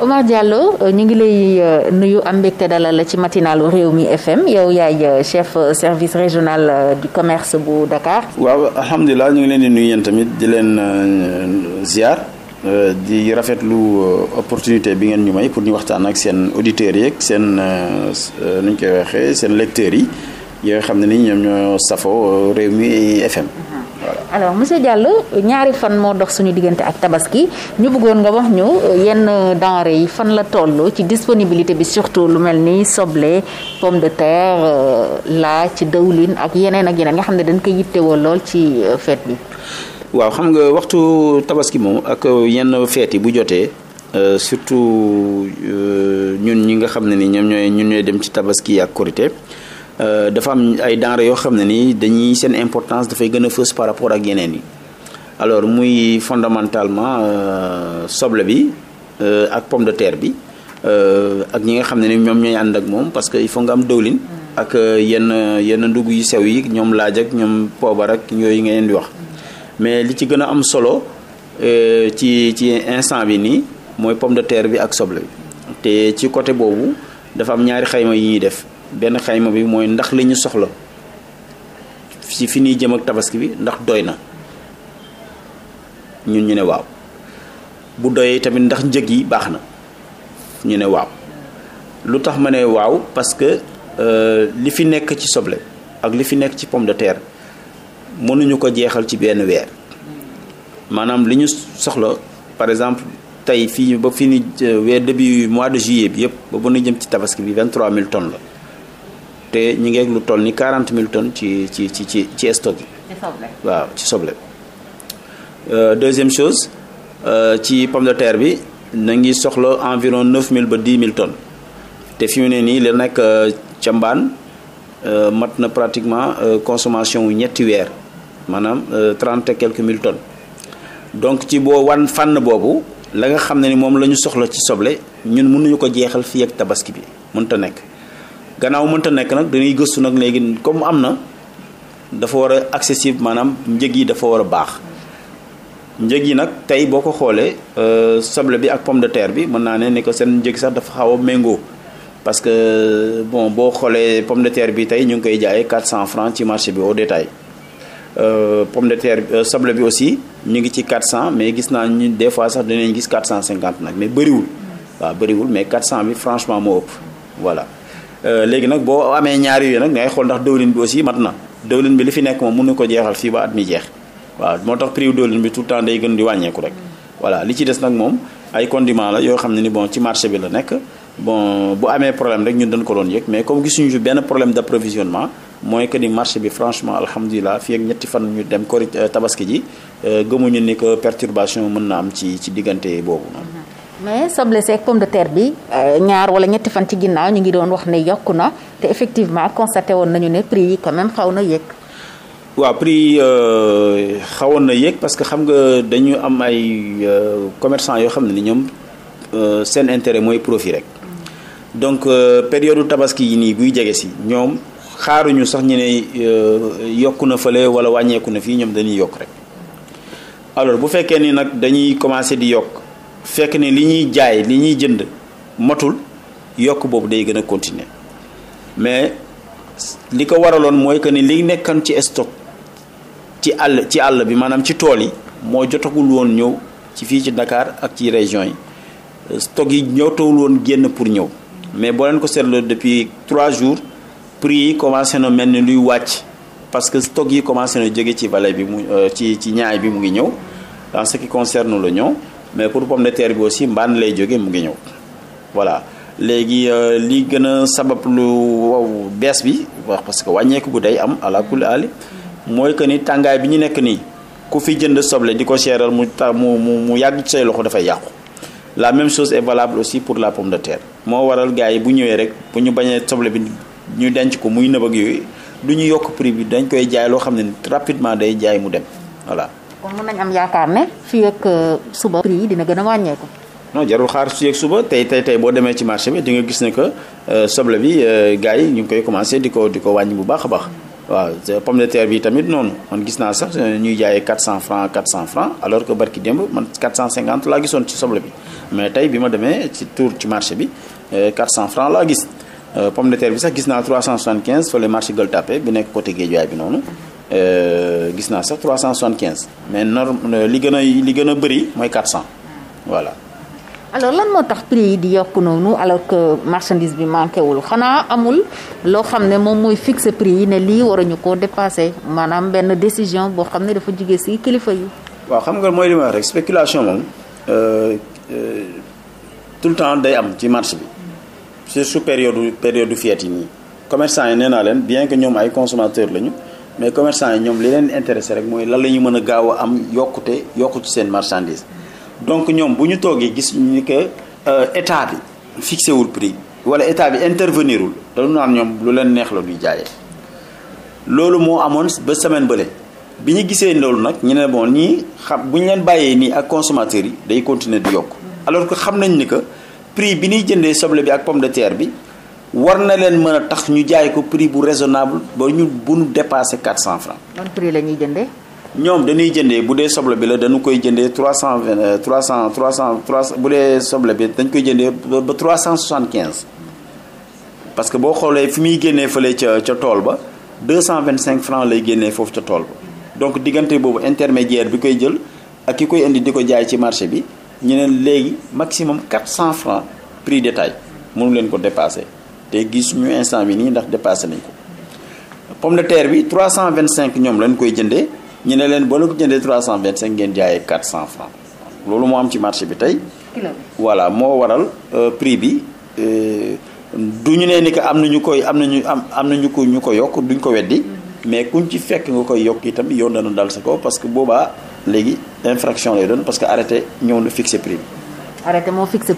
Omar Diallo euh, ñu ngi lay euh, nuyu am mbégte dalal la ci matinalu réew mi FM yow yaay euh, chef service régional du commerce bu Dakar. waaw alhamdulilah ñu ngi leen di nuyu yéen tamit di leen ziar di rafetlu opportunité bi ngeen ñu may pour ñu waxtaan ak seen auditeurs yeeg seen nu ñu koy waxee seen lecteurs yi yooyu xam ne ni ñoom ñoo safoo réew mi FM. Mm-hmm. alors monsieur Diallo ñaari fan moo dox suñu diggante ak tabaski ñu bëggoon nga wax ñu euh, yenn euh, denrées yi fan la toll ci disponibilité bi surtout lu mel ni soble pomme de terre euh, laa ci dawlin ak yeneen ak yeneen nga xam ne dañ koy yittewoo lool ci fête bi. waaw xam nga waxtu tabaski moom ak yenn fête yi bu jotee. Uh, surtout ñun ñi nga xam ne ni ñoom ñooy ñun ñooy dem ci tabaski ak korité Euh, dafa am ay denrées yoo xam ne ni dañuy seen importance dafay gën a fës par rapport ak yeneen yi alors muy fondamentalement euh, soble bi euh, ak pomme de terre bi ak ñi nga xam ne ni ñoom ñooy ànd ak moom parce que il faut nga am dëwlin. ak yenn yenn ndugg yu sew yi ñoom laaj ak ñoom poobar ak yooyu ngeen di wax mais li ci gën a am solo ci ci instant bi nii mooy pomme de terre bi ak soble bi te ci côté boobu dafa am ñaari xayma yi ñuy def. benn xayma bi mooy ndax li ñu soxla ci fi ñuy jëm ak tabaski bi ndax doy na ñun ñu ne waaw bu doyee tamit ndax njëg yi baax na ñu ne waaw lu tax ma ne waaw parce que euh, li fi nekk ci soble ak li fi nekk ci pomme de terre mënuñu ko jeexal ci benn weer maanaam li ñu soxla par exemple tey fii ba fi ni euh, weer début mois de juillet bi yëpp ba bu jëm ci tabaski bi 23000 tonnes la te ñu ngeeg lu toll ni quarante 000 tonnes ci ci ci ci ci stock yi. ci soble waaw ci soble. Euh, deuxième chose euh, ci pomme bi na ngi soxla environ 9000 ba 10 000 ton te fi mu ne nii li nekk euh, ca mbaan mat na pratiquement consommation wu ñetti weer maanaam trente et quelques mille tonnes donc ci boo wan fànn boobu la nga xam ne ni moom la ñu soxla ci soble ñun mënuñu ko jeexal fii ak tabaski bi mënta nekk. gannaaw mënta nekk nag dañuy gëstu nag léegi comme am na dafa war a accessible maanaam njëg yi dafa war a baax njëg yi nag tey boo ko xoolee euh, soble bi ak pomme de terre bi mën naa ne ni ko seen njëg sax dafa xaw a méngoo parce que bon boo xoolee pomme de bi tey ñu ngi koy jaayee cent francs ci marché bi au détail euh, pomme de terre euh, soble bi aussi ñu ngi ci 400 mais gis naa ñu des fois sax dinañ gis 450 nag mais bëriwul waaw bëriwul mais cent bi franchement moo ëpp voilà. Euh, léegi nag boo amee ñaari yooyu nag ngay xool ndax dëwlin bi aussi mat na dëwlin bi li fi nekk moom mënuñu ko jeexal fii ba at mi jeex waaw moo tax prix dëwlin bi tout temps day gën di wàññeeku rek voilà li ci des nag moom ay condiment la yoo xam ne ni bon ci marché bi la nekk bon bu amee problème rek ñun dañ ko doon yëg mais comme gisuñu benn problème d'approvisionnement mooy que ni marché bi franchement alhamdulilah fi ak ñetti fan ñu dem kori euh, tabaski ji euh, gëmuñu ni que perturbation mën na am ci ci diggante boobu mais soble seeg pomme de terre bi euh, ñaar wala ñetti fan ci ginnaaw ñu ngi doon wax ne yokku na te effectivement constaté woon nañu ne prix yi quand même xaw na yéeg. waaw prix euh, xawoon na yéeg parce que xam nga dañu am ay euh, commerçant yoo xam ne ni ñoom seen intéret mooy profit rek. donc période tabaski yi nii buy jege si ñoom xaaruñu sax ñu ne yokku na fële wala wàññeeku na fii ñoom dañuy yokk rek alors bu fekkee nii nag dañuy commencé di yokk. fekk ni li ñuy jaay li ñuy jënd matul yokk boobu day gën a continuer mais li ko waraloon mooy que ni li nekkan ci stock ci àll ci àll bi maanaam ci tool yi moo jotagul woon ñëw ci fii ci ndakaar ak ci région yi stock yi ñëwtawul woon génn pour ñëw mais boo leen ko seetloo depuis trois jours prix yi commencé na mel ni luy wàcc parce que stock yi commencé na jóge ci vallée bi mu euh, ci ci ñaay bi mu ngi ñëw dans ce qui concerne ñëw mais pour pomme de terre bi aussi mbaan lay jóge mu ngi ñëw voilà léegi euh, li gën a sabab lu wow bees bi wax parce que wàññeeku gu day am ala kulli mooy que ni tàngaay bi ñu nekk nii ku fi jënd soble di ko seeral mu ta mu mu mu yàgg ci say loxo dafay yàqu la même chose et valable aussi pour la pomme de terre moo waral gars yi bu ñëwee rek bu ñu bañee soble bi ñu denc ko muy nëb yooyu du ñu yokk prix bi dañ koy jaay loo xam ne rapidement day jaay mu dem voilà kon mën nañ am yaakaar ne fi ak euh, suba prix yi dina gën a wàññeeku. non jarul xaar su yeeg suba tey tey tey boo demee ci marché bi di nga gis ne que euh, soble bi euh, gars yi ñu ngi koy commencé di ko di ko wàññi bu baax a baax. waaw pomme de terre bi tamit noonu man gis naa sax ñuy jaayee 400 francs 400 francs alors que barki démb man 450 laa gisoon ci soble bi mais tey bi ma demee ci tour ci marché bi 400 francs laa gis pomme de terre bi sax gis naa 375 fële marché Gueule Tapée bi nekk côté Guédiawaye bi Euh, gis naa sax 375 mais norme euh, li gën a li gën a bëri mooy 400 voilà. alors lan moo tax prix yi di yokk noonu alors que marchandise bi manqué wul xanaa amul loo xam ne moom mooy fixer prix yi ne lii ñu koo dépassé maanaam benn décision boo xam ne dafa jugee ci kilifa yi. waaw xam nga mooy li ma wax rek spéculation moom euh, tout le temps day am ci marché bi surtout période période fête yi nii commerçant yi nee naa leen bien que ñoom ay consommateurs lañu. mais commerçant yi ñoom li leen intéressé rek mooy lan la mën a gaaw am yokkute yokku ci seen marchandise donc ñoom bu ñu toogee gis ni que euh, état bi fixé wul prix wala état bi intervenir wul dañu naan ñoom lu leen neex la ñuy jaayee loolu moo amoon ba semaine ba bële bi ñu gisee loolu nag ñu ne bon ñii xam bu ñu leen bàyyee nii ak consommateurs yi day continuer di yokk alors que xam nañ ni que prix bi ñuy jëndee soble bi ak pomme de terre bi war na leen mën a tax ñu jaay ko prix bu raisonnable ba ñu bu ñu dépassé quatre cent francs. ban prix ñuy jëndee. ñoom dañuy jëndee bu dee soble bi koy jëndee trois cent vingt euh, trois cent trois cent trois bu dee soble bi dañ koy jëndee ba trois cent soixante quinze. parce que boo xoolee fi muy génnee fële ca ca tool ba deux cent vingt cinq francs lay génnee foofu ca tool ba donc diggante boobu intermédier bi koy jël ak ki koy indi di ko jaay ci marché bi ñu ne léegi maximum quatre cent francs prix détail mënu leen ko dépasser. te gis ñu instant bi nii ndax dépassé nañ ko pomme de terre bi cinq ñoom lañ koy jëndee ñu ne leen ba la ko jëndee 325 ngeen jaayee cent francs loolu moo am ci marché bi tey. voilà moo waral euh, prix bi euh, du ñu nee ni que am na ñu koy am na ñu am am na ko ñu ko yokk duñ ko weddi. mais kuñ ci fekk nga koy yokk itam yoon dana dal sa ko parce que boobaa léegi infraction lay doon parce que arrêté ñëw na fixé prix bi. arrêté moo fixé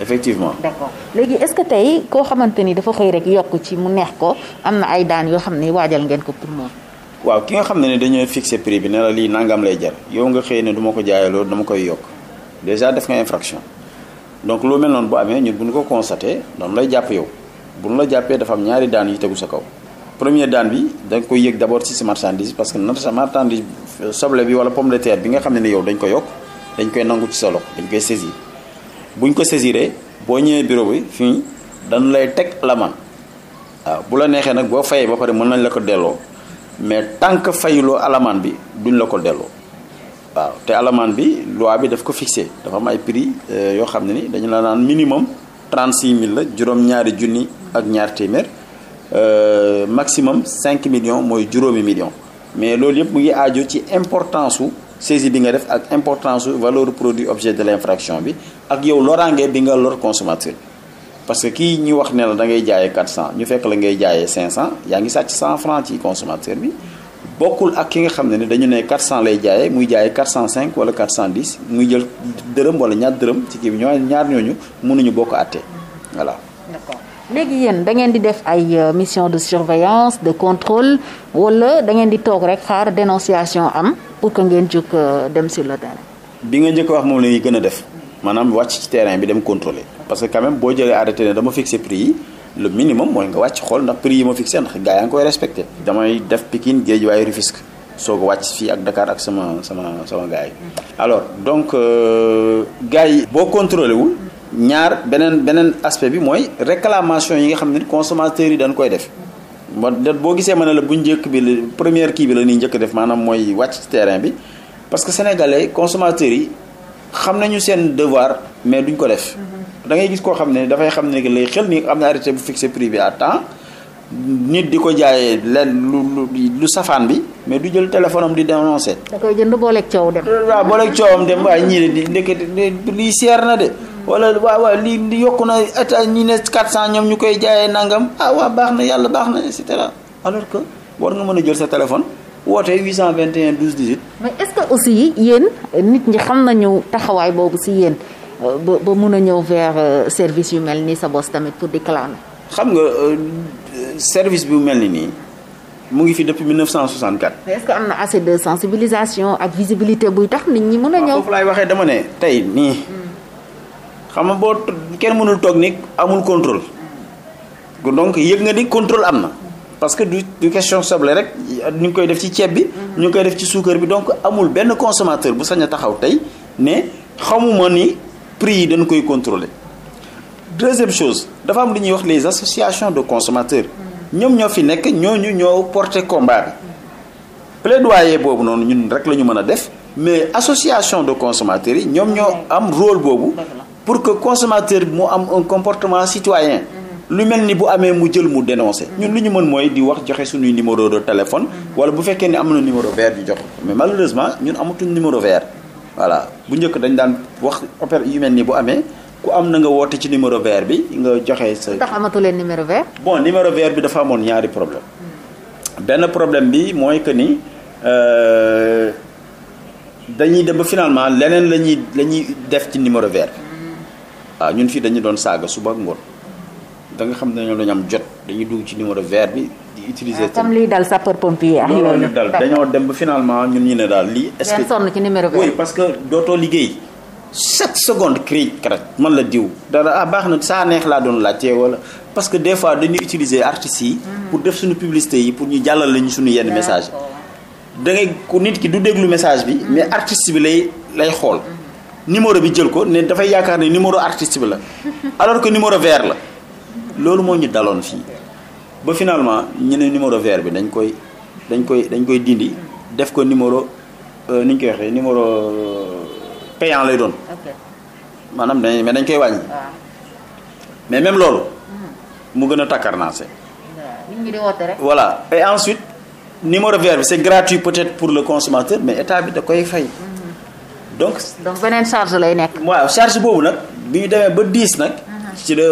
effectivement d'accord léegi est-ce que tey koo xamante ni dafa xëy rek yokk ci mu neex ko am na ay daan yoo xam ne waajal ngeen ko pour moom. waaw ki nga xam ne ne dañoo fixé prix bi ne la lii nangam lay jar yow nga xëy ne du ko jaayee dama koy yokk déjà def nga donc lu mel noonu bu amee ñun bu ñu ko constaté doon lay jàpp yow bu ñu la jàppee dafa am ñaari daan tegu sa kaw. premier daan bi da nga koy yëg d'abord ci sa marchandise parce que sa marchandise euh, soble bi wala pomme de bi nga xam ne ne yow dañ ko yokk dañ koy nangu ci sa loxo dañ koy saisir. bu buñ ko saisiree boo ñëwee bureau bi fii dañu lay teg la man waaw bu la neexee nag boo fayee ba pare mën nañ la ko delloo mais tant que fayuloo alamaan bi duñ la ko delloo waaw te alamaan bi loi bi daf ko fixé dafa am ay prix euh, yoo xam ne ni dañu la naan minimum 36000 la juróom-ñaari junni ak ñaar téeméer euh, maximum 5 millions mooy juróomi millions mais loolu yëpp mu ngi aajo ci importance su saisie bi nga def ak importance su valeur produit objet de l' infraction bi ak yow loraange bi nga lor consommateur parce que kii ñu wax ne la da ngay jaayee 400 ñu fekk la ngay jaayee 500 yaa ngi sàcc 100 francs ci consommateur bi bokkul ak ki nga xam ne ne dañu ne 400 lay jaayee muy cent jaayee 405 wala 410 muy jël dërëm wala ñaar dërëm ci kii bi ñoo ñaar ñooñu mënuñu bokk àtte voilà. léegi yéen da ngeen di def ay euh, mission de surveillance de contrôle wala da ngeen di toog rek xaar dénonciation am pour que ngeen jóg euh, dem sur le terrain. bi nga njëkk wax moom la gën a def maanaam wàcc ci terrain bi dem contrôler parce que quand même boo jëlee arrêté ne dama fixé prix yi le minimum mooy nga wàcc xool ndax prix yi ma fixé ndax gars yaa ngi koy respecté. damay def Pikine Guédiawaye Rufisque soog a wàcc fii ak Dakar ak sama sama sama gars donc euh, gars yi boo contrôlé wul. ñaar beneen beneen aspect bi mooy réclamation yi nga xam ne consommateurs yi dañ koy def bon boo gisee ma ne la bu njëkk bi la première kii bi la ñuy njëkk def maanaam mooy wàcc ci terrain bi parce que sénégalais consommateurs yi xam nañu seen devoir mais duñ ko def. Mm-hmm. da ngay gis koo xam ne dafay xam ne la xel ni am na arrêté bu fixé prix bi à temps nit di ko jaaye lenn lu lu safaan bi mais du jël téléphone am di dénoncer. da koy seer na de. wala waaw waaw lii yokk na ata ñi ne 400 ñoom ñu koy jaayee nangam ah waaw baax na yàlla baax na et cetera alors que war nga mën a jël sa téléphone woote 821 12 18. mais est-ce que aussi yéen nit ñi xam nañu taxawaay boobu si yéen euh, ba ba mun a ñëw vers euh, service yu mel nii sa bos tamit pour déclarer. xam nga euh, service bu mel ni nii. mu ngi fi depuis 1964. mais est-ce que am na assez de sensibilisation ak visibilité buy tax nit ñi mën a ñëw. waaw laay waxee dama tey nii. Hmm. xam nga boo kenn mënul toog ni amul contrôle donc yëg nga ni contrôle am na parce que du du question soble rek ñu ngi koy def ci ceeb bi. ñu ngi koy def ci suukar bi donc amul benn consommateur bu sañ a taxaw tey ne xamuma ni prix yi dañ koy contrôler. deuxième chose dafa am lu ñuy wax les associations de consommateurs ñoom ñoo fi nekk ñooñu ñoo porter combat bi plaidoyer boobu noonu ñun rek la ñu mën a def mais association de consommateurs yi ñoom ñoo am rôle boobu pour que consommateur bi mu am un comportement citoyen lu mel ni bu amee mu jël mu dénoncé ñun lu ñu mën mooy di wax joxe suñuy numéro de téléphone wala bu fekkee ni am na numéro vert di jox mais malheureusement ñun amatuñ numéro vert voilà bu njëkk dañ daan wax opère yu mel ni bu amee ku am na nga woote ci numéro ver bi nga joxe sa tax amatu leen numéro bon numéro vert bi dafa amoon ñaari problème benn problème bi mooy que ni euh, dañuy dem ba finalement leneen la ñuy la ñuy def ci numéro vert waaw ah, ñun fii dañu doon saaga suba ak ngoon da nga xam ne dañoo dañu am jot dañuy dugg ci numéro vert bi di utiliser. tam ah, liy dal sapeur pompier. ak yooyu ñu dal dañoo dem ba finalement ñun ñu daal lii. est-ce que sonn ci numéro vert oui parce chaque seconde cri karat man la diw dara ah baax na saa neex laa doon laajte wala parce que des fois dañuy utiliser artistes yi. Hmm. pour def suñu publicité yi pour ñu jàllal lañu suñu yenn message da ngay ku nit ki du déglu message bi. Hmm. mais artist bi lay lay xool. Hmm. numéro bi jël ko ne dafay yaakaar ne numéro artiste bi la alors que numéro vert la loolu moo ñu daloon fii ba finalement ñu ne numéro ver bi dañ koy dañ koy dañ koy dindi def ko numéro euh, ni koy waxee numéro euh, payant lay doon maanaam dañ mais dañ koy wàññi ah. mais même loolu hmm. mu gën a takkarnaase voilà et ensuite numéro vert bi c'est gratuit peut-être pour le consommateur mais état bi da koy fay donc donc beneen charge lay nekk. waaw charge boobu nag bi ñu demee ba 10 nag. Uh-huh. ci la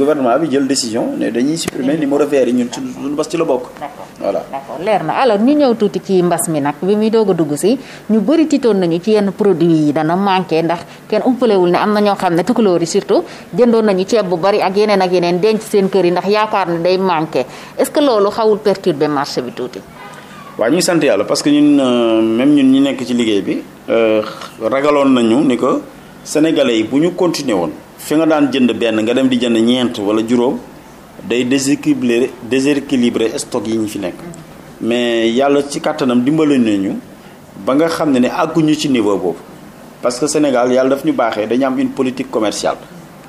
gouvernement bi jël décision ne dañuy supprimer numéro vert yi ñun suñu bas ci la bokk. voilà d'accord leer na alors ñu ñëw tuuti ci mbas mi nag bi muy doog a dugg si ñu bëri tiitoon nañu ci yenn produit yi dana manqué ndax kenn umpalewul ne am na ñoo xam ne tukulóor surtout jëndoon nañu ceeb bu bari ak yeneen ak yeneen denc seen kër yi ndax yaakaar ne day manqué est-ce que loolu xawul perturber marché bi tuuti. waa ñu sant yàlla parce que ñun euh, même ñun ñu nekk ci liggéey bi euh, ragaloon nañu ni ko sénégalais yi bu ñu continuer woon fi nga daan jënd benn nga dem di jënd ñeent wala juróom day déséquilibré déséquilibré stock yi ñu fi nekk mais yàlla ci kàttanam dimbali nañu ba nga xam ne ne àgguñu ci niveau boobu parce que Sénégal yàlla daf ñu baaxee dañu am une politique commerciale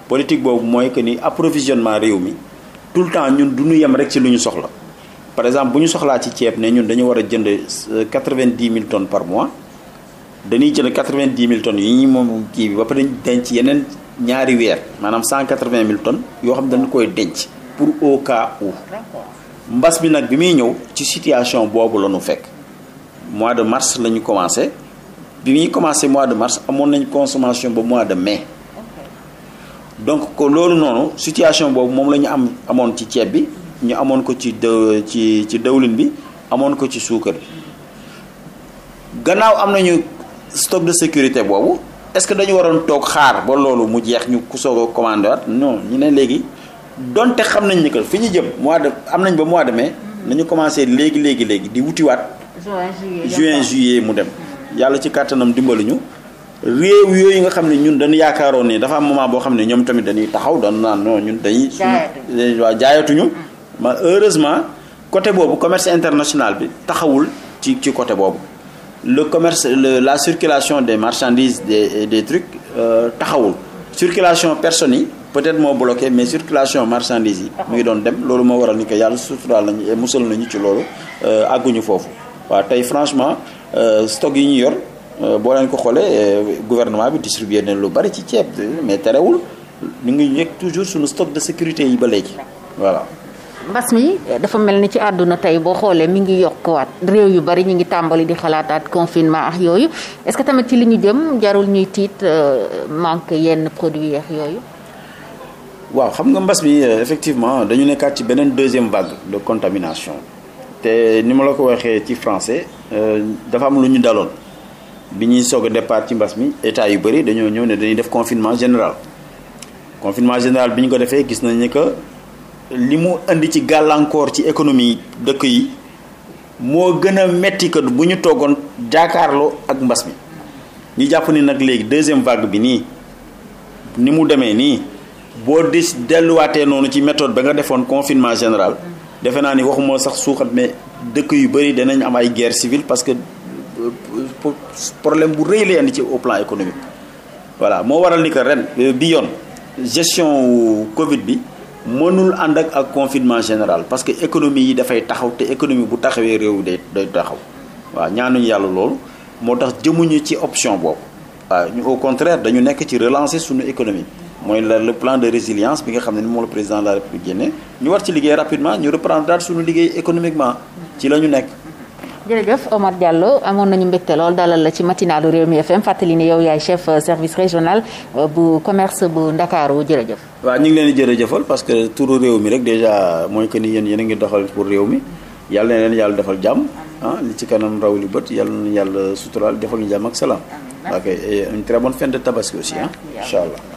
politique boobu mooy que ni approvisionnement réew mi tout le temps ñun du yem rek ci lu ñu soxla par exemple bu ñu soxlaa ci ceeb ne ñun dañu war a jënd euh, quatre-vingt-dix mille tonnes par mois dañuy jënd quatre-vingt-dix mille tonnes yi ñu moom kii bi ba pare denc yeneen ñaari weer maanaam cent quatre-vingt mille tonnes yoo xam dañ koy denc pour au cas mbas bi nag bi muy ñëw ci situation boobu la ñu fekk mois de mars la ñu commencé bi muy commencé mois de mars amoon nañ consommation ba mois de mai donc ko loolu noonu situation boobu moom la ñu am amoon ci ceeb bi ñu amoon ko ci d ci ci dawlin bi amoon ko ci suukar bi gannaaw am nañu stock de sécurité boobu est-ce que dañu waroon toog xaar ba loolu mu jeex ñu ku soog commander commandé waat ñu ne léegi donte xam nañ ni que fi ñu jëm mois de am nañ ba mois de mai nañu commencé léegi léegi léegi di wutiwaat juin juillet mu dem yàlla ci kàttanam dimbaluñu réew yooyu nga xam ne ñun dañu yaakaaroon ni dafa am moment boo xam ne ñoom tamit dañuy taxaw dañu naan non ñun dañuy suñu waaw jaayatuñu ma heureusement côté boobu commerce international bi taxawul ci ci côté boobu le commerce le, la circulation des marchandises de des trucs euh, taxawul circulation personnes yi peut-être moo bloqué mais circulation marchandises yi mu ngi doon dem loolu moo waral ni ko yàlla suturaal nañu musal nañu ci loolu euh, àgguñu foofu waaw tey franchement euh, stock yi ñu yor euh, boo leen ko xoolee gouvernement bi distribué na lu bari ci ceeb mais terewul ñu ngi nekk toujours sunu stock de sécurité yi ba léegi voilà mbas mi dafa mel ni ci àdduna tey boo xoolee mi ngi yokkuwaat réew yu bari ñu ngi tàmbali di xalaataat confinement ak yooyu est-ce que tamit ci li ñu jëm jarul ñuy tiit euh, manque yenn produit yeex yooyu. waaw xam nga mbas mi euh, effectivement dañu nekkaat ci beneen deuxième vague de contamination te ni ma la ko waxee ci français euh, dafa am lu ñu daloon bi ñuy soog depart ci mbas mi état yu bari dañoo ñëw ne dañuy def confinement général confinement général bi ñu ko defee gis nañ ni que. li mu indi ci gàllankoor ci économie dëkk yi moo gën a metti que bu ñu toogoon jaakaarloo ak mbas mi ñu jàpp ni nag léegi deuxième vague bi nii ni mu demee nii boo dis delluwaatee noonu ci méthode ba nga defoon confinement général defe naa ni waxumoo sax suuxat mais dëkk yu bëri danañ am ay guerre civile parce que euh, problème bu rëy lay indi ci au plan économique voilà moo waral ni que ren euh, bi yoon gestion Covid bi mënul ànd ak ak confinement général parce que économie yi dafay taxaw te économie bu taxawee réew day day taxaw waaw ñaanuñu yàlla loolu moo tax jëmuñu ci option boobu waaw ñu au contraire dañu nekk ci relancer suñu économie mooy la le plan de résilience bi nga xam ne ni moom la président de la république génne ñu war ci liggéey rapidement ñu reprendre daal suñu liggéey économiquement ci la ñu nekk jërëjëf Omar Diallo amoon nañu mbégte lool dalal la ci matinalu Rewmi FM fàttali ni yow yaay chef euh, service régional euh, bu commerce bu Ndakaaru jërëjëf. waaw ñu ngi leen di jërëjëfal parce que tour réew mi rek déjà mooy que ni yéen yéen a ngi doxal pour réew mi yàlla na leen yàlla defal jàmm ah li ci kanam raw li bët yàlla na yàlla suturaal defal ñu jàmm ak salaam. ok et une très bonne fin de tabaski aussi ah. allah.